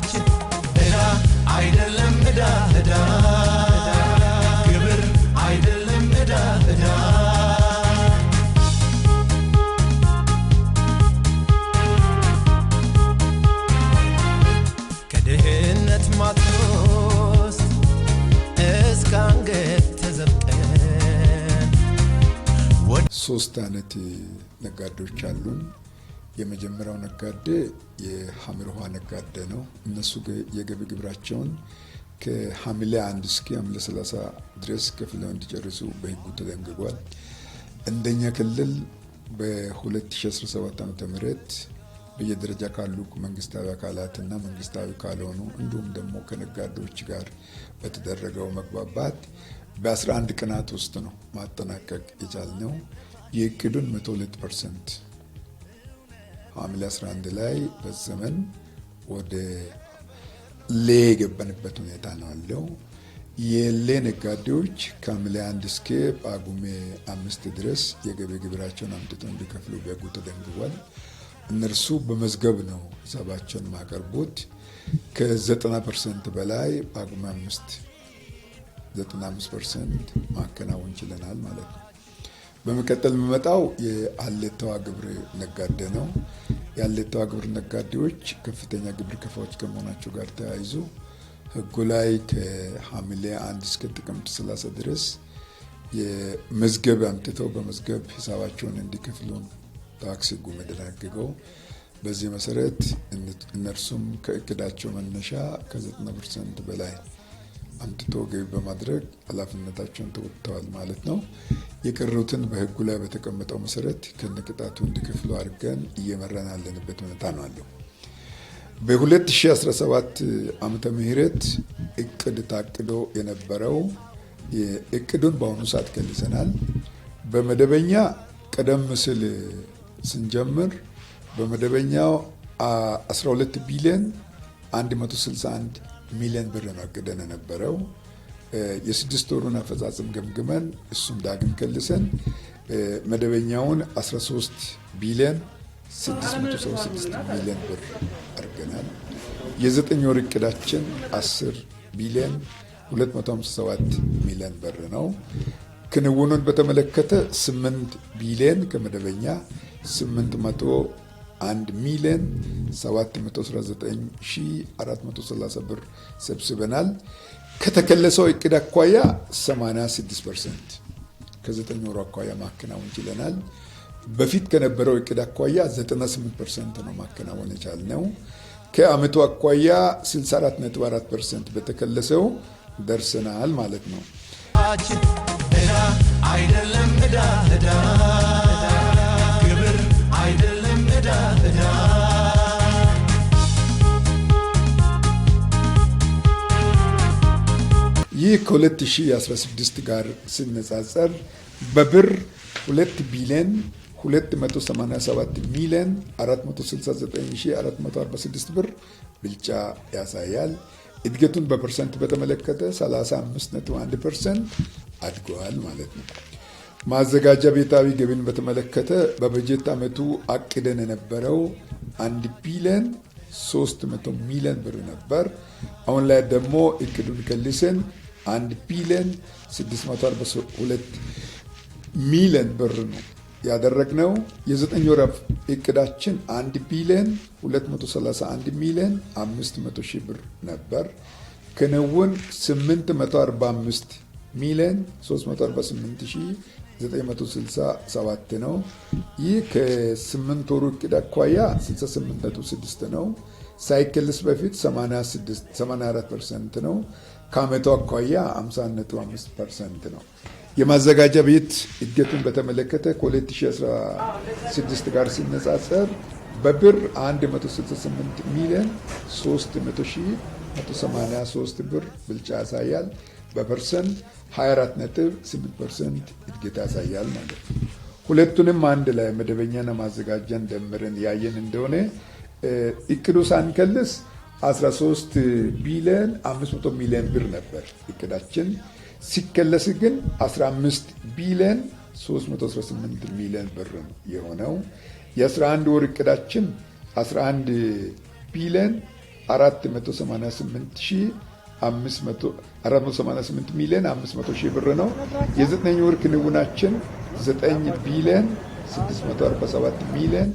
የራሳችን እዳ አይደለም እዳ እዳ ግብር አይደለም እዳ እዳ ከድህነት ማትሮስ እስከ አንገት ተዘብቀን ሶስት አይነት ነጋዴዎች አሉን። የመጀመሪያው ነጋዴ የሐምል ውሃ ነጋዴ ነው። እነሱ የገቢ ግብራቸውን ከሐምሌ አንድ እስኪ ሐምሌ 30 ድረስ ከፍለው እንዲጨርሱ በህጉ ተደንግጓል። እንደኛ ክልል በ2017 ዓ ም በየደረጃ ካሉ መንግስታዊ አካላትና መንግስታዊ ካልሆኑ እንዲሁም ደግሞ ከነጋዴዎች ጋር በተደረገው መግባባት በ11 ቀናት ውስጥ ነው ማጠናቀቅ የቻልነው የእቅዱን 102 ፐርሰንት ሐምሌ 11 ላይ ፈጽመን ወደ ሌ የገባንበት ሁኔታ ነው ያለው። የሌ ነጋዴዎች ከሐምሌ አንድ እስከ ጳጉሜ አምስት ድረስ የገቢ ግብራቸውን አምጥቶ እንዲከፍሉ በሕጉ ተደንግቧል። እነርሱ በመዝገብ ነው ሂሳባቸውን ማቀርቡት። ከ90 ፐርሰንት በላይ ጳጉሜ አምስት 95 ፐርሰንት ማከናወን ችለናል ማለት ነው። በመቀጠል የምመጣው የአሌተዋ ግብር ነጋዴ ነው። የአሌተዋ ግብር ነጋዴዎች ከፍተኛ ግብር ከፋዎች ከመሆናቸው ጋር ተያይዞ ህጉ ላይ ከሐምሌ አንድ እስከ ጥቅምት 30 ድረስ የመዝገብ አምጥተው በመዝገብ ሂሳባቸውን እንዲከፍሉን ታክስ ህጉ መደናግገው በዚህ መሰረት እነርሱም ከእቅዳቸው መነሻ ከ90 ፐርሰንት በላይ አምጥቶ ገቢ በማድረግ ኃላፊነታቸውን ተወጥተዋል ማለት ነው። የቀሩትን በህጉ ላይ በተቀመጠው መሰረት ከነቅጣቱ እንዲከፍሉ አድርገን እየመራን ያለንበት ሁኔታ ነው አለው። በ2017 ዓመተ ምህረት እቅድ ታቅዶ የነበረው እቅዱን በአሁኑ ሰዓት ገልጸናል። በመደበኛ ቀደም ሲል ስንጀምር በመደበኛው 12 ቢሊዮን 161 ሚሊዮን ብር ነው አቅደን የነበረው። የስድስት ወሩን አፈጻጸም ገምግመን እሱም ዳግም ከልሰን መደበኛውን 13 ቢሊዮን 636 ሚሊዮን ብር አድርገናል። የዘጠኝ ወር እቅዳችን 10 ቢሊዮን 257 ሚሊዮን ብር ነው። ክንውኑን በተመለከተ 8 ቢሊዮን ከመደበኛ 800 አንድ ሚሊዮን 719430 ብር ሰብስበናል። ከተከለሰው እቅድ አኳያ 86 ፐርሰንት ከ9 ወሩ አኳያ ማከናወን ችለናል። በፊት ከነበረው እቅድ አኳያ 98 ፐርሰንት ነው ማከናወን የቻልነው። ከአመቱ አኳያ 64.4 ፐርሰንት በተከለሰው ደርሰናል ማለት ነው። አይደለም ዕዳ ዕዳ ይህ ከ2016 ጋር ሲነጻጸር በብር 2 ቢሊዮን 287 ሚሊዮን 469446 ብር ብልጫ ያሳያል። እድገቱን በፐርሰንት በተመለከተ 35.1 ፐርሰንት አድገዋል ማለት ነው። ማዘጋጃ ቤታዊ ገቢን በተመለከተ በበጀት ዓመቱ አቅደን የነበረው አንድ ቢሊዮን 300 ሚሊዮን ብር ነበር። አሁን ላይ ደግሞ እቅዱን ከልሰን አንድ ቢሊዮን 642 ሚሊዮን ብር ነው ያደረግነው። የዘጠኝ ወራት እቅዳችን አንድ ቢሊዮን 231 ሚሊዮን 500 ሺህ ብር ነበር። ክንውን 845 ሚሊዮን 348 ሺህ 967 ነው። ይህ ከ8 ወሩ እቅድ አኳያ 68.6 ነው። ሳይክልስ በፊት 84 ፐርሰንት ነው። ከአመቱ አኳያ 55% ፐርሰንት ነው። የማዘጋጃ ቤት እድገቱን በተመለከተ ከ2016 ጋር ሲነጻጸር በብር 168 ሚሊዮን 383 ብር ብልጫ ያሳያል። በፐርሰንት 24.8 እድገት ያሳያል ማለት ነው። ሁለቱንም አንድ ላይ መደበኛና ማዘጋጃን ደምረን ያየን እንደሆነ እቅዱ ሳንከልስ 13 ቢሊዮን 500 ሚሊዮን ብር ነበር እቅዳችን። ሲከለስ ግን 15 ቢሊዮን 318 ሚሊዮን ብር የሆነው የ11 ወር እቅዳችን 11 ቢሊዮን 488 488 ሚሊዮን 500 ሺህ ብር ነው። የዘጠኝ ወር ክንውናችን 9 ቢሊዮን 647 ሚሊዮን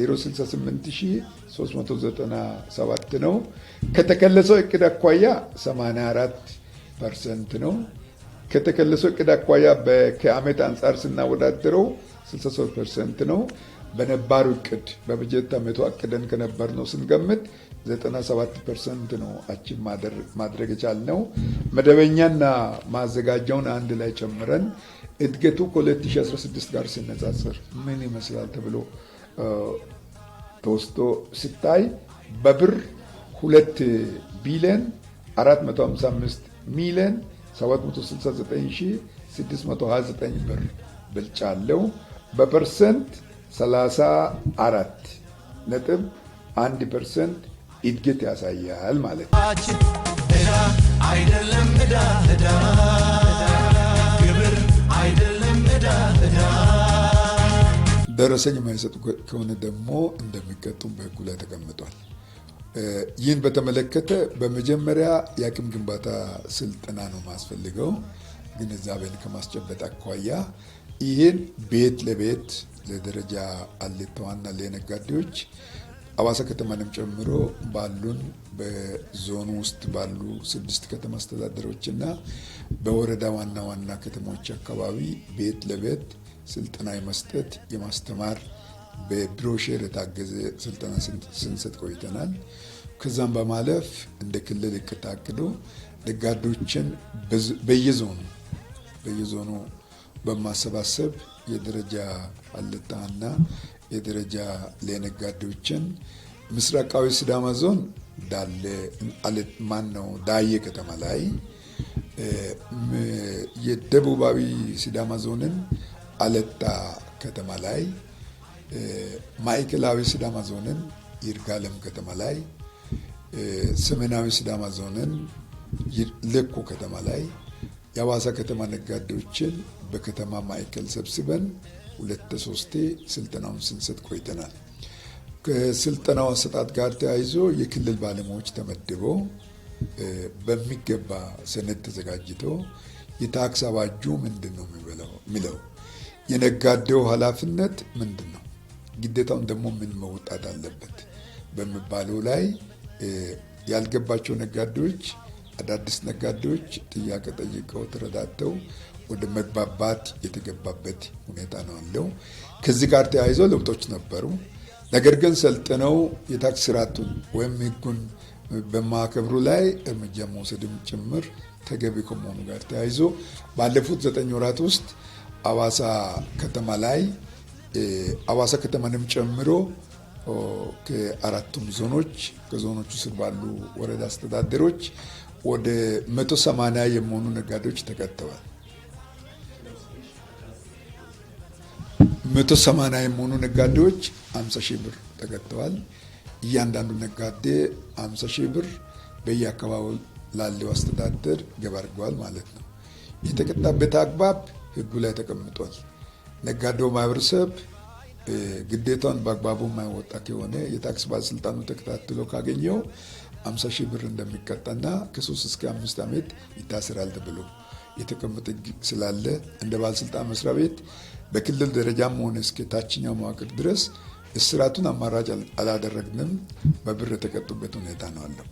068397 ነው። ከተከለሰው እቅድ አኳያ 84 ፐርሰንት ነው። ከተከለሰው እቅድ አኳያ ከአመት አንጻር ስናወዳድረው 63 ፐርሰንት ነው። በነባሩ እቅድ በበጀት ዓመቱ አቅደን ከነበር ነው ስንገምት 97 ፐርሰንት ነው አችን ማድረግ የቻልነው። መደበኛና ማዘጋጃውን አንድ ላይ ጨምረን እድገቱ ከ2016 ጋር ሲነጻጽር ምን ይመስላል ተብሎ ተወስቶ ሲታይ በብር 2 ቢሊዮን 455 ሚሊዮን 769629 ብር ብልጫ አለው። በፐርሰንት 34 ነጥብ 1 ፐርሰንት እድገት ያሳያል ማለት ነው። አይደለም ግብር አይደለም ደረሰኝ የማይሰጡ ከሆነ ደግሞ እንደሚቀጡም በህጉ ላይ ተቀምጧል። ይህን በተመለከተ በመጀመሪያ የአቅም ግንባታ ስልጠና ነው ማስፈልገው ግንዛቤን ከማስጨበጥ አኳያ ይህን ቤት ለቤት ለደረጃ አሌተዋና ለነጋዴዎች አዋሳ ከተማንም ጨምሮ ባሉን በዞኑ ውስጥ ባሉ ስድስት ከተማ አስተዳደሮችና በወረዳ ዋና ዋና ከተሞች አካባቢ ቤት ለቤት ስልጠና የመስጠት የማስተማር በብሮሽር የታገዘ ስልጠና ስንሰጥ ቆይተናል። ከዛም በማለፍ እንደ ክልል እቅድ ታቅዶ ነጋዴዎችን በየዞኑ በየዞኑ በማሰባሰብ የደረጃ አለጣና የደረጃ ለነጋዴዎችን ምስራቃዊ ሲዳማ ዞን ዳለ ማን ነው ዳዬ ከተማ ላይ የደቡባዊ ሲዳማ ዞንን አለታ ከተማ ላይ ማዕከላዊ ሲዳማ ዞንን ይርጋለም ከተማ ላይ ሰሜናዊ ሲዳማ ዞንን ለኮ ከተማ ላይ የሐዋሳ ከተማ ነጋዴዎችን በከተማ ማዕከል ሰብስበን ሁለት ሶስቴ ስልጠናውን ስንሰጥ ቆይተናል። ከስልጠናው አሰጣጥ ጋር ተያይዞ የክልል ባለሙያዎች ተመድበው በሚገባ ሰነድ ተዘጋጅቶ የታክስ አባጁ ምንድን ነው የሚለው፣ የነጋዴው ኃላፊነት ምንድን ነው፣ ግዴታውን ደግሞ ምን መውጣት አለበት በሚባለው ላይ ያልገባቸው ነጋዴዎች፣ አዳዲስ ነጋዴዎች ጥያቄ ጠይቀው ተረዳተው ወደ መግባባት የተገባበት ሁኔታ ነው ያለው። ከዚህ ጋር ተያይዞ ለውጦች ነበሩ። ነገር ግን ሰልጥነው የታክስ ስርዓቱን ወይም ህጉን በማከብሩ ላይ እርምጃ መውሰድም ጭምር ተገቢ ከመሆኑ ጋር ተያይዞ ባለፉት ዘጠኝ ወራት ውስጥ አዋሳ ከተማ ላይ አዋሳ ከተማንም ጨምሮ ከአራቱም ዞኖች ከዞኖቹ ስር ባሉ ወረዳ አስተዳደሮች ወደ 180 የሚሆኑ ነጋዴዎች ተቀጥተዋል። መቶ ሰማንያ የሚሆኑ ነጋዴዎች አምሳ ሺህ ብር ተገተዋል። እያንዳንዱ ነጋዴ አምሳ ሺህ ብር በየአካባቢው ላለው አስተዳደር ገባ አድርገዋል ማለት ነው። የተቀጣበት አግባብ ህጉ ላይ ተቀምጧል። ነጋዴው ማህበረሰብ ግዴታውን በአግባቡ የማይወጣ ከሆነ የታክስ ባለስልጣኑ ተከታትሎ ካገኘው አምሳ ሺህ ብር እንደሚቀጣና ከሶስት እስከ አምስት ዓመት ይታሰራል ተብሎ የተቀመጠ ስላለ እንደ ባለስልጣን መስሪያ ቤት በክልል ደረጃም ሆነ እስከ ታችኛው መዋቅር ድረስ እስራቱን አማራጭ አላደረግንም። በብር የተቀጡበት ሁኔታ ነው አለው።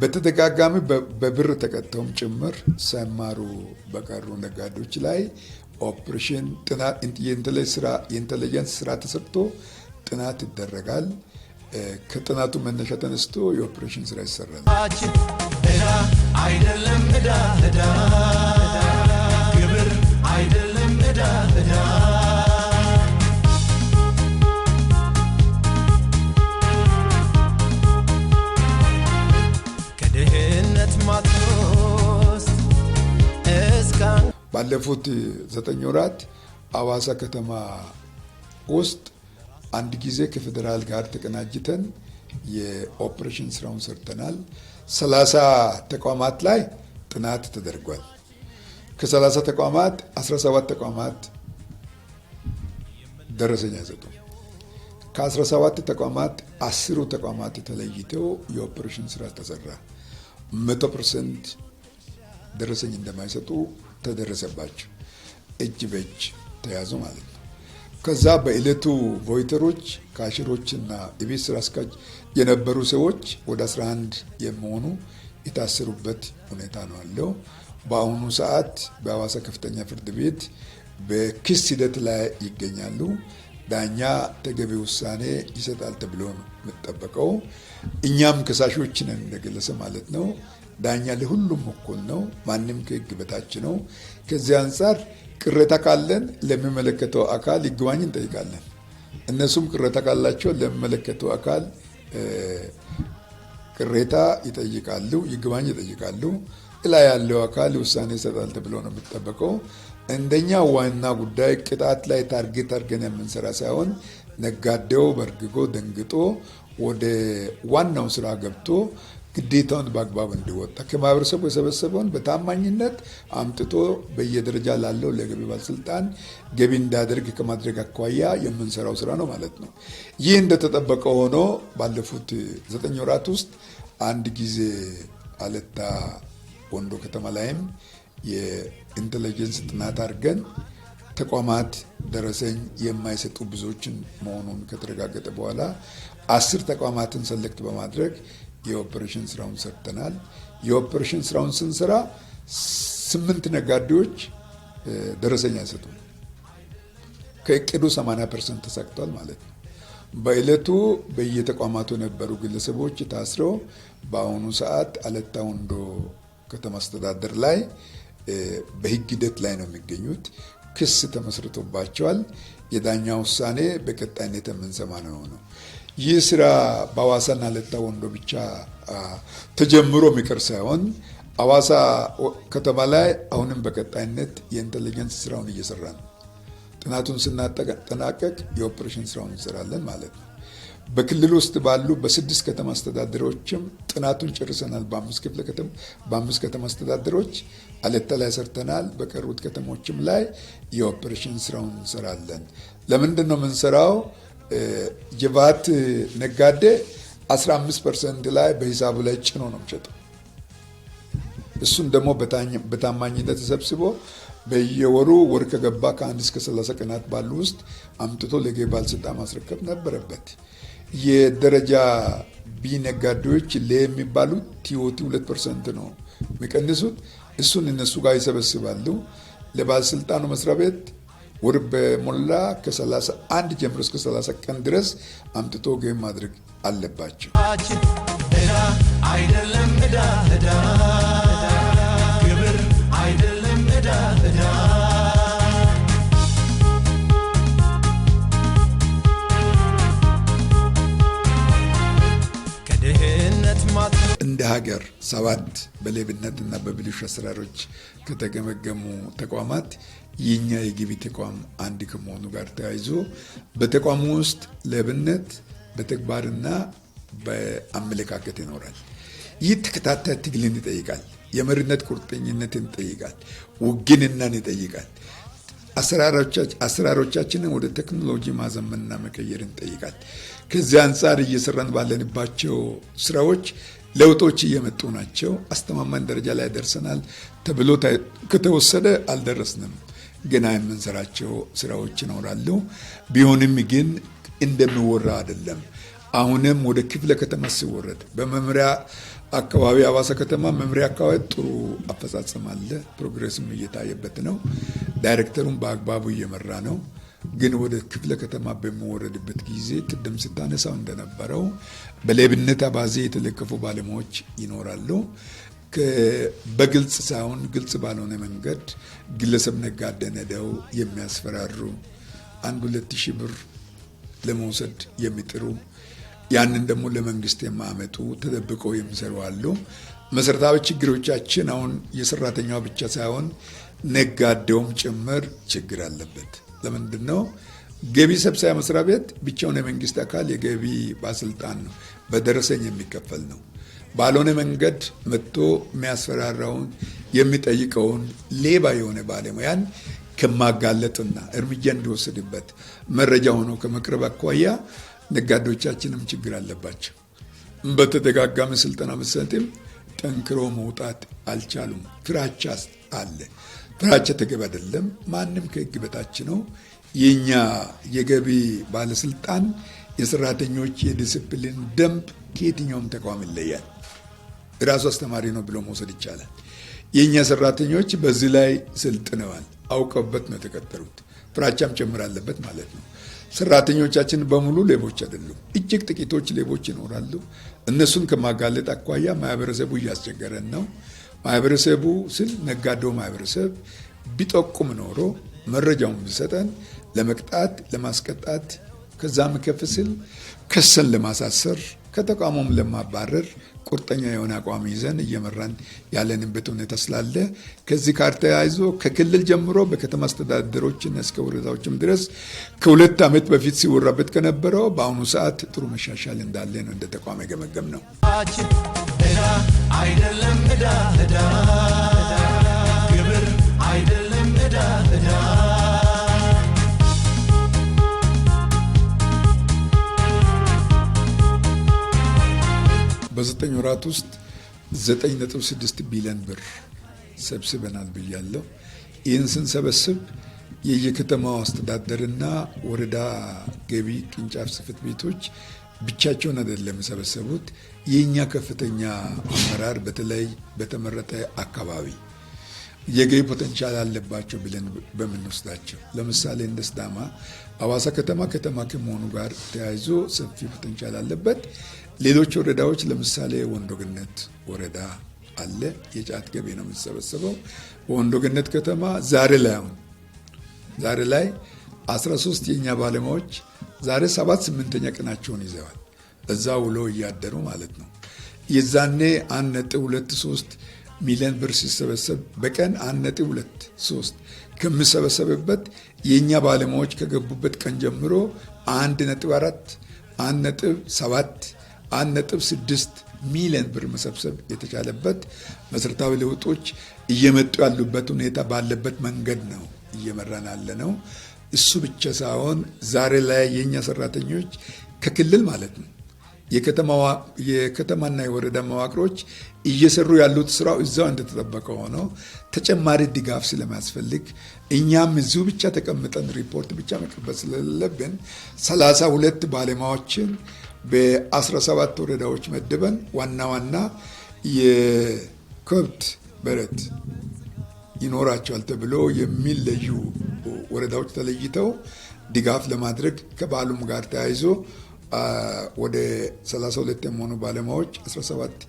በተደጋጋሚ በብር ተቀጥተውም ጭምር ሳይማሩ በቀሩ ነጋዴዎች ላይ ኦፕሬሽን የኢንቴሊጀንስ ስራ ተሰርቶ ጥናት ይደረጋል። ከጥናቱ መነሻ ተነስቶ የኦፕሬሽን ስራ ይሰራል። አይደለም ግብር አይደለም ባለፉት ዘጠኝ ወራት አዋሳ ከተማ ውስጥ አንድ ጊዜ ከፌዴራል ጋር ተቀናጅተን የኦፕሬሽን ስራውን ሰርተናል። ሰላሳ ተቋማት ላይ ጥናት ተደርጓል። ከሰላሳ ተቋማት 17 ተቋማት ደረሰኝ አይሰጡም። ከ17 ተቋማት አስሩ ተቋማት ተለይተው የኦፕሬሽን ስራ ተሰራ። መቶ ፐርሰንት ደረሰኝ እንደማይሰጡ ተደረሰባቸው። እጅ በእጅ ተያዙ ማለት ነው። ከዛ በእለቱ ቮይተሮች፣ ካሽሮችና የቤት ስራ አስኪያጅ የነበሩ ሰዎች ወደ 11 የመሆኑ የታሰሩበት ሁኔታ ነው አለው። በአሁኑ ሰዓት በሐዋሳ ከፍተኛ ፍርድ ቤት በክስ ሂደት ላይ ይገኛሉ። ዳኛ ተገቢ ውሳኔ ይሰጣል ተብሎ ነው የምጠበቀው። እኛም ከሳሾች ነን እንደገለሰ ማለት ነው። ዳኛ ለሁሉም እኩል ነው። ማንም ከህግ በታች ነው። ከዚህ አንጻር ቅሬታ ካለን ለሚመለከተው አካል ይግባኝ እንጠይቃለን። እነሱም ቅሬታ ካላቸው ለሚመለከተው አካል ቅሬታ ይጠይቃሉ፣ ይግባኝ ይጠይቃሉ። እላ ያለው አካል ውሳኔ ይሰጣል ተብሎ ነው የሚጠበቀው። እንደኛ ዋና ጉዳይ ቅጣት ላይ ታርጌት አድርገን የምንሰራ ሳይሆን ነጋዴው በርግጎ ደንግጦ ወደ ዋናው ስራ ገብቶ ግዴታውን በአግባብ እንዲወጣ ከማህበረሰቡ የሰበሰበውን በታማኝነት አምጥቶ በየደረጃ ላለው ለገቢ ባለስልጣን ገቢ እንዳደርግ ከማድረግ አኳያ የምንሰራው ስራ ነው ማለት ነው። ይህ እንደተጠበቀ ሆኖ ባለፉት ዘጠኝ ወራት ውስጥ አንድ ጊዜ አለታ ወንዶ ከተማ ላይም የኢንቴሊጀንስ ጥናት አድርገን ተቋማት ደረሰኝ የማይሰጡ ብዙዎችን መሆኑን ከተረጋገጠ በኋላ አስር ተቋማትን ሰለክት በማድረግ የኦፐሬሽን ስራውን ሰርተናል። የኦፐሬሽን ስራውን ስንሰራ ስምንት ነጋዴዎች ደረሰኝ አይሰጡም። ከእቅዱ 80 ፐርሰንት ተሳክቷል ማለት ነው። በዕለቱ በየተቋማቱ የነበሩ ግለሰቦች ታስረው በአሁኑ ሰዓት አለታ ወንዶ ከተማ አስተዳደር ላይ በህግ ሂደት ላይ ነው የሚገኙት። ክስ ተመስርቶባቸዋል። የዳኛ ውሳኔ በቀጣይነት የምንሰማ ነው ነው ይህ ስራ በአዋሳና ለታ ወንዶ ብቻ ተጀምሮ የሚቀር ሳይሆን አዋሳ ከተማ ላይ አሁንም በቀጣይነት የኢንቴሊጀንስ ስራውን እየሰራ ነው። ጥናቱን ስናጠናቀቅ የኦፕሬሽን ስራውን እንሰራለን ማለት ነው። በክልል ውስጥ ባሉ በስድስት ከተማ አስተዳደሮችም ጥናቱን ጨርሰናል። በአምስት ከተማ አስተዳደሮች አለታ ላይ ሰርተናል። በቀሩት ከተሞችም ላይ የኦፕሬሽን ስራውን እንሰራለን። ለምንድን ነው የምንሰራው? የቫት ነጋዴ 15 ፐርሰንት ላይ በሂሳቡ ላይ ጭኖ ነው የሚሸጠው። እሱን ደግሞ በታማኝነት ተሰብስቦ በየወሩ ወር ከገባ ከአንድ እስከ 30 ቀናት ባሉ ውስጥ አምጥቶ ለገቢ ባለስልጣን ማስረከብ ነበረበት። የደረጃ ቢ ነጋዴዎች ለሚባሉት ቲዮቲ ሁለት ፐርሰንት ነው የሚቀንሱት። እሱን እነሱ ጋር ይሰበስባሉ። ለባለስልጣኑ መስሪያ ቤት ወር በሞላ ከ31 ጀምሮ እስከ 30 ቀን ድረስ አምጥቶ ገቢ ማድረግ አለባቸው። አይደለም ሀገር ሰባት በሌብነት እና በብልሹ አሰራሮች ከተገመገሙ ተቋማት የኛ የግቢ ተቋም አንድ ከመሆኑ ጋር ተያይዞ በተቋሙ ውስጥ ሌብነት በተግባርና በአመለካከት ይኖራል። ይህ ተከታታይ ትግልን ይጠይቃል። የመሪነት ቁርጠኝነትን ይጠይቃል። ውግንናን ይጠይቃል። አሰራሮቻችንን ወደ ቴክኖሎጂ ማዘመንና መቀየርን ይጠይቃል። ከዚህ አንጻር እየሰራን ባለንባቸው ስራዎች ለውጦች እየመጡ ናቸው። አስተማማኝ ደረጃ ላይ ደርሰናል ተብሎ ከተወሰደ አልደረስንም። ገና የምንሰራቸው ስራዎች ይኖራሉ። ቢሆንም ግን እንደሚወራ አይደለም። አሁንም ወደ ክፍለ ከተማ ሲወረድ በመምሪያ አካባቢ አዋሳ ከተማ መምሪያ አካባቢ ጥሩ አፈጻጸም አለ። ፕሮግሬስም እየታየበት ነው። ዳይሬክተሩም በአግባቡ እየመራ ነው። ግን ወደ ክፍለ ከተማ በሚወረድበት ጊዜ ቅድም ስታነሳው እንደነበረው በሌብነት አባዜ የተለከፉ ባለሙያዎች ይኖራሉ። በግልጽ ሳይሆን ግልጽ ባልሆነ መንገድ ግለሰብ ነጋዴ ነደው የሚያስፈራሩ አንድ ሁለት ሺህ ብር ለመውሰድ የሚጥሩ ያንን ደግሞ ለመንግስት የማያመጡ ተደብቀው የሚሰሩ አሉ። መሰረታዊ ችግሮቻችን አሁን የሰራተኛው ብቻ ሳይሆን ነጋዴውም ጭምር ችግር አለበት። ለምንድን ነው ገቢ ሰብሳቢ መስሪያ ቤት ብቻውን የመንግስት አካል የገቢ ባለስልጣን ነው። በደረሰኝ የሚከፈል ነው። ባልሆነ መንገድ መጥቶ የሚያስፈራራውን የሚጠይቀውን ሌባ የሆነ ባለሙያን ከማጋለጥና እርምጃ እንዲወስድበት መረጃ ሆኖ ከመቅረብ አኳያ ነጋዴዎቻችንም ችግር አለባቸው። በተደጋጋሚ ስልጠና መሰጥም ጠንክሮ መውጣት አልቻሉም። ፍራቻ አለ። ፍራቻ ተገቢ አይደለም። ማንም ከህግ በታች ነው። የኛ የገቢ ባለስልጣን የሰራተኞች የዲስፕሊን ደንብ ከየትኛውም ተቋም ይለያል። ራሱ አስተማሪ ነው ብሎ መውሰድ ይቻላል። የእኛ ሰራተኞች በዚህ ላይ ስልጥነዋል፣ አውቀበት ነው የተቀጠሩት። ፍራቻም ጭምር አለበት ማለት ነው። ሰራተኞቻችን በሙሉ ሌቦች አይደሉም። እጅግ ጥቂቶች ሌቦች ይኖራሉ። እነሱን ከማጋለጥ አኳያ ማህበረሰቡ እያስቸገረን ነው። ማህበረሰቡ ስል ነጋዴው ማህበረሰብ ቢጠቁም ኖሮ መረጃውን ቢሰጠን ለመቅጣት ለማስቀጣት ከዛም ከፍ ስል ከሰን ለማሳሰር ከተቋሙም ለማባረር ቁርጠኛ የሆነ አቋም ይዘን እየመራን ያለንበት ሁኔታ ስላለ ከዚህ ጋር ተያይዞ ከክልል ጀምሮ በከተማ አስተዳደሮችን እስከ ወረዳዎችም ድረስ ከሁለት ዓመት በፊት ሲወራበት ከነበረው በአሁኑ ሰዓት ጥሩ መሻሻል እንዳለ ነው እንደ ተቋም የገመገም ነው። አይደለም አይደለም እዳ እዳ በዘጠኝ ወራት ውስጥ ዘጠኝ ነጥብ ስድስት ቢሊዮን ብር ሰብስበናል ብያለሁ። ይህን ስንሰበስብ የየከተማው አስተዳደርና ወረዳ ገቢ ቅርንጫፍ ጽሕፈት ቤቶች ብቻቸውን አይደለም የሰበሰቡት። የእኛ ከፍተኛ አመራር በተለይ በተመረጠ አካባቢ የገቢ ፖቴንሻል አለባቸው ብለን በምንወስዳቸው ለምሳሌ እንደ ስዳማ አዋሳ ከተማ ከተማ ከመሆኑ ጋር ተያይዞ ሰፊ ፖቴንሻል አለበት። ሌሎች ወረዳዎች ለምሳሌ ወንዶግነት ወረዳ አለ። የጫት ገቢ ነው የምትሰበሰበው በወንዶግነት ከተማ ዛሬ ላይ አሁን ዛሬ ላይ 13 የኛ ባለሙያዎች ዛሬ ሰባት ስምንተኛ ቀናቸውን ይዘዋል። እዛ ውሎ እያደሩ ማለት ነው። የዛኔ 3 ሚሊዮን ብር ሲሰበሰብ በቀን 1.23 ከምሰበሰብበት የእኛ ባለሙያዎች ከገቡበት ቀን ጀምሮ 1.4፣ ነጥብ 1.6 ሚሊዮን ብር መሰብሰብ የተቻለበት መሰረታዊ ለውጦች እየመጡ ያሉበት ሁኔታ ባለበት መንገድ ነው እየመራን ያለ ነው። እሱ ብቻ ሳይሆን ዛሬ ላይ የእኛ ሰራተኞች ከክልል ማለት ነው የከተማና የወረዳ መዋቅሮች እየሰሩ ያሉት ስራው እዛው እንደተጠበቀ ሆኖ ተጨማሪ ድጋፍ ስለሚያስፈልግ እኛም እዚሁ ብቻ ተቀምጠን ሪፖርት ብቻ መቀበል ስለሌለብን ሰላሳ ሁለት ባለሙያዎችን በ17 ወረዳዎች መድበን ዋና ዋና የከብት በረት ይኖራቸዋል ተብሎ የሚለዩ ወረዳዎች ተለይተው ድጋፍ ለማድረግ ከበዓሉም ጋር ተያይዞ ወደ 32 የሚሆኑ ባለሙያዎች 17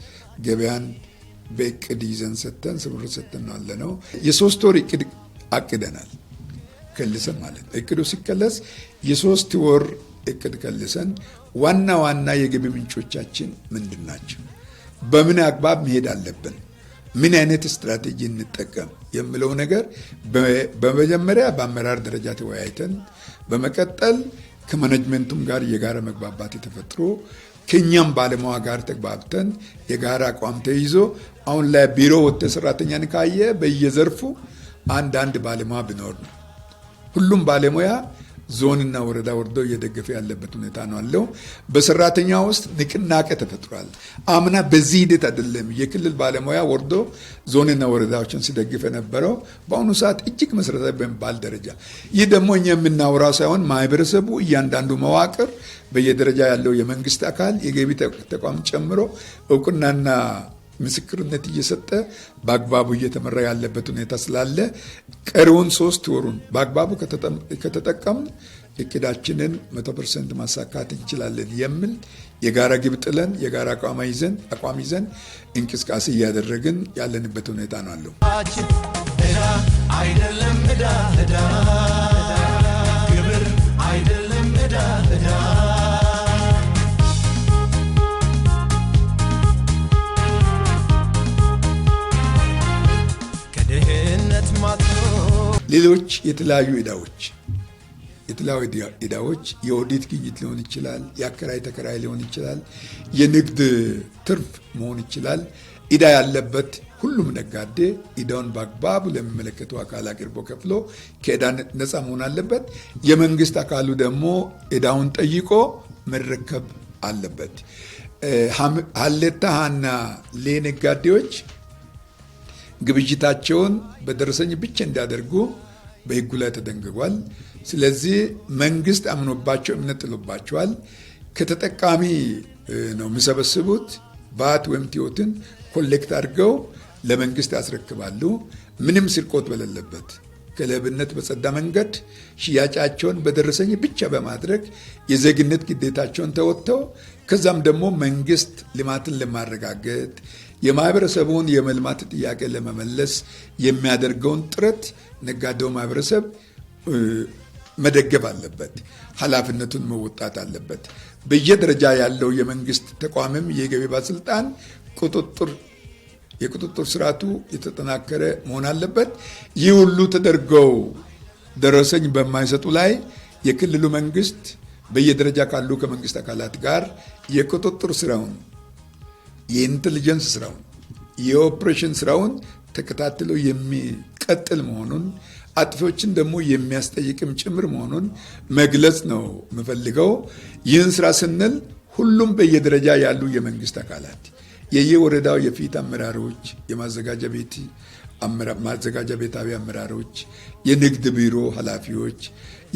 ገበያን በእቅድ ይዘን ሰተን ስምር ሰተን ነው ያለ ነው። የሶስት ወር እቅድ አቅደናል ከልሰን ማለት ነው። እቅዱ ሲከለስ የሶስት ወር እቅድ ከልሰን ዋና ዋና የገቢ ምንጮቻችን ምንድን ናቸው፣ በምን አግባብ መሄድ አለብን ምን አይነት ስትራቴጂ እንጠቀም የሚለው ነገር በመጀመሪያ በአመራር ደረጃ ተወያይተን፣ በመቀጠል ከማኔጅመንቱም ጋር የጋራ መግባባት የተፈጥሮ ከኛም ባለሙያ ጋር ተግባብተን የጋራ አቋም ተይዞ አሁን ላይ ቢሮ ወጥተ ሰራተኛን ካየ በየዘርፉ አንዳንድ ባለሙያ ቢኖር ነው ሁሉም ባለሙያ ዞንና ወረዳ ወርዶ እየደገፈ ያለበት ሁኔታ ነው አለው። በሰራተኛ ውስጥ ንቅናቄ ተፈጥሯል። አምና በዚህ ሂደት አይደለም የክልል ባለሙያ ወርዶ ዞንና ወረዳዎችን ሲደግፍ የነበረው በአሁኑ ሰዓት እጅግ መሰረታዊ በሚባል ደረጃ። ይህ ደግሞ እኛ የምናወራው ሳይሆን ማህበረሰቡ እያንዳንዱ መዋቅር በየደረጃ ያለው የመንግስት አካል የገቢ ተቋም ጨምሮ እውቅናና ምስክርነት እየሰጠ በአግባቡ እየተመራ ያለበት ሁኔታ ስላለ ቀሪውን ሶስት ወሩን በአግባቡ ከተጠቀምን እቅዳችንን መቶ ፐርሰንት ማሳካት እንችላለን የሚል የጋራ ግብ ጥለን የጋራ አቋም ይዘን እንቅስቃሴ እያደረግን ያለንበት ሁኔታ ነው አለው። አይደለም ዕዳ ግብር አይደለም ዕዳ ሌሎች የተለያዩ ዕዳዎች የተለያዩ ዕዳዎች የኦዲት ግኝት ሊሆን ይችላል። የአከራይ ተከራይ ሊሆን ይችላል። የንግድ ትርፍ መሆን ይችላል። ዕዳ ያለበት ሁሉም ነጋዴ ዕዳውን በአግባቡ ለሚመለከቱ አካል አቅርቦ ከፍሎ ከዕዳ ነፃ መሆን አለበት። የመንግስት አካሉ ደግሞ ዕዳውን ጠይቆ መረከብ አለበት። ሀሌታ ሀና ሌ ነጋዴዎች ግብይታቸውን በደረሰኝ ብቻ እንዲያደርጉ በህጉ ላይ ተደንግጓል። ስለዚህ መንግስት አምኖባቸው እምነት ጥሎባቸዋል። ከተጠቃሚ ነው የሚሰበስቡት። ባት ወይም ቲዮትን ኮሌክት አድርገው ለመንግስት ያስረክባሉ። ምንም ስርቆት በሌለበት ከለብነት በጸዳ መንገድ ሽያጫቸውን በደረሰኝ ብቻ በማድረግ የዜግነት ግዴታቸውን ተወጥተው ከዛም ደግሞ መንግስት ልማትን ለማረጋገጥ የማህበረሰቡን የመልማት ጥያቄ ለመመለስ የሚያደርገውን ጥረት ነጋዴው ማህበረሰብ መደገፍ አለበት፣ ኃላፊነቱን መወጣት አለበት። በየደረጃ ያለው የመንግስት ተቋምም የገቢ ባለስልጣን ቁጥጥር የቁጥጥር ስርዓቱ የተጠናከረ መሆን አለበት። ይህ ሁሉ ተደርገው ደረሰኝ በማይሰጡ ላይ የክልሉ መንግስት በየደረጃ ካሉ ከመንግስት አካላት ጋር የቁጥጥር ስራውን የኢንቴሊጀንስ ስራውን የኦፕሬሽን ስራውን ተከታትሎ የሚቀጥል መሆኑን አጥፊዎችን ደግሞ የሚያስጠይቅም ጭምር መሆኑን መግለጽ ነው የምፈልገው። ይህን ስራ ስንል ሁሉም በየደረጃ ያሉ የመንግስት አካላት የየወረዳው የፊት አመራሮች፣ የማዘጋጃ ቤት ማዘጋጃ ቤታዊ አመራሮች፣ የንግድ ቢሮ ኃላፊዎች፣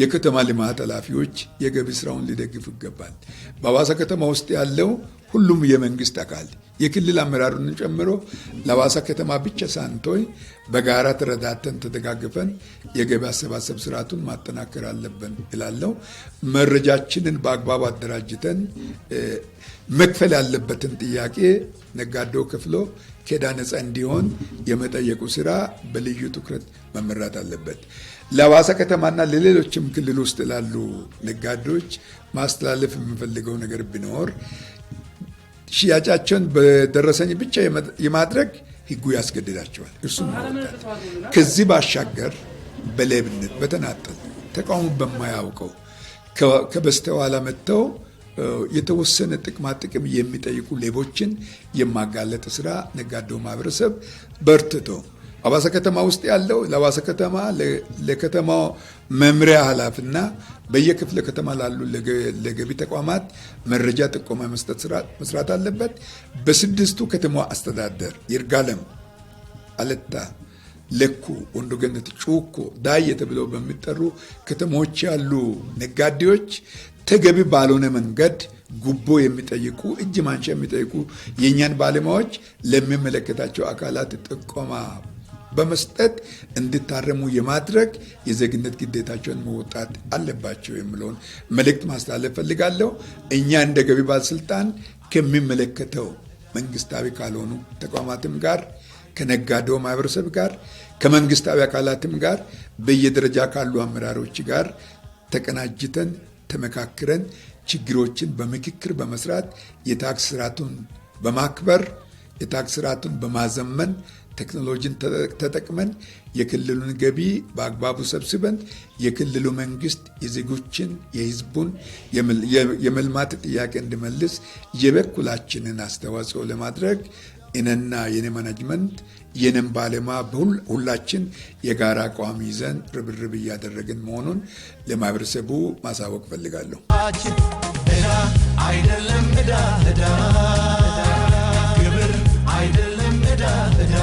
የከተማ ልማት ኃላፊዎች የገቢ ስራውን ሊደግፉ ይገባል። በሐዋሳ ከተማ ውስጥ ያለው ሁሉም የመንግስት አካል የክልል አመራሩን ጨምሮ ለሐዋሳ ከተማ ብቻ ሳንቶይ በጋራ ተረዳተን ተደጋግፈን የገቢ አሰባሰብ ስርዓቱን ማጠናከር አለብን እላለሁ። መረጃችንን በአግባቡ አደራጅተን መክፈል ያለበትን ጥያቄ ነጋዴው ከፍሎ ኬዳ ነፃ እንዲሆን የመጠየቁ ስራ በልዩ ትኩረት መመራት አለበት። ለሐዋሳ ከተማና ለሌሎችም ክልል ውስጥ ላሉ ነጋዴዎች ማስተላለፍ የምፈልገው ነገር ቢኖር ሽያጫቸውን በደረሰኝ ብቻ የማድረግ ህጉ ያስገድዳቸዋል። እርሱ ከዚህ ባሻገር በሌብነት በተናጠል ተቃውሞ በማያውቀው ከበስተኋላ መጥተው የተወሰነ ጥቅማ ጥቅም የሚጠይቁ ሌቦችን የማጋለጥ ስራ ነጋዴው ማህበረሰብ በርትቶ አዋሳ ከተማ ውስጥ ያለው ለአዋሳ ከተማ ለከተማው መምሪያ ኃላፊና በየክፍለ ከተማ ላሉ ለገቢ ተቋማት መረጃ ጥቆማ መስጠት መስራት አለበት። በስድስቱ ከተማ አስተዳደር ይርጋለም፣ አለታ፣ ለኩ፣ ወንዶ ገነት፣ ጩኮ፣ ዳየ ተብለው በሚጠሩ ከተሞች ያሉ ነጋዴዎች ተገቢ ባልሆነ መንገድ ጉቦ የሚጠይቁ እጅ ማንሻ የሚጠይቁ የእኛን ባለሙያዎች ለሚመለከታቸው አካላት ጥቆማ በመስጠት እንዲታረሙ የማድረግ የዜግነት ግዴታቸውን መውጣት አለባቸው የሚለውን መልእክት ማስተላለፍ ፈልጋለሁ። እኛ እንደ ገቢ ባለስልጣን ከሚመለከተው መንግስታዊ ካልሆኑ ተቋማትም ጋር ከነጋዴው ማህበረሰብ ጋር ከመንግስታዊ አካላትም ጋር በየደረጃ ካሉ አመራሮች ጋር ተቀናጅተን ተመካክረን ችግሮችን በምክክር በመስራት የታክስ ስርዓቱን በማክበር የታክስ ስርዓቱን በማዘመን ቴክኖሎጂን ተጠቅመን የክልሉን ገቢ በአግባቡ ሰብስበን የክልሉ መንግስት የዜጎችን የህዝቡን የመልማት ጥያቄ እንዲመልስ የበኩላችንን አስተዋጽኦ ለማድረግ እነና የኔ ማናጅመንት የነን ባለማ ሁላችን የጋራ አቋም ይዘን ርብርብ እያደረግን መሆኑን ለማህበረሰቡ ማሳወቅ ፈልጋለሁ። አይደለም እዳ እዳ another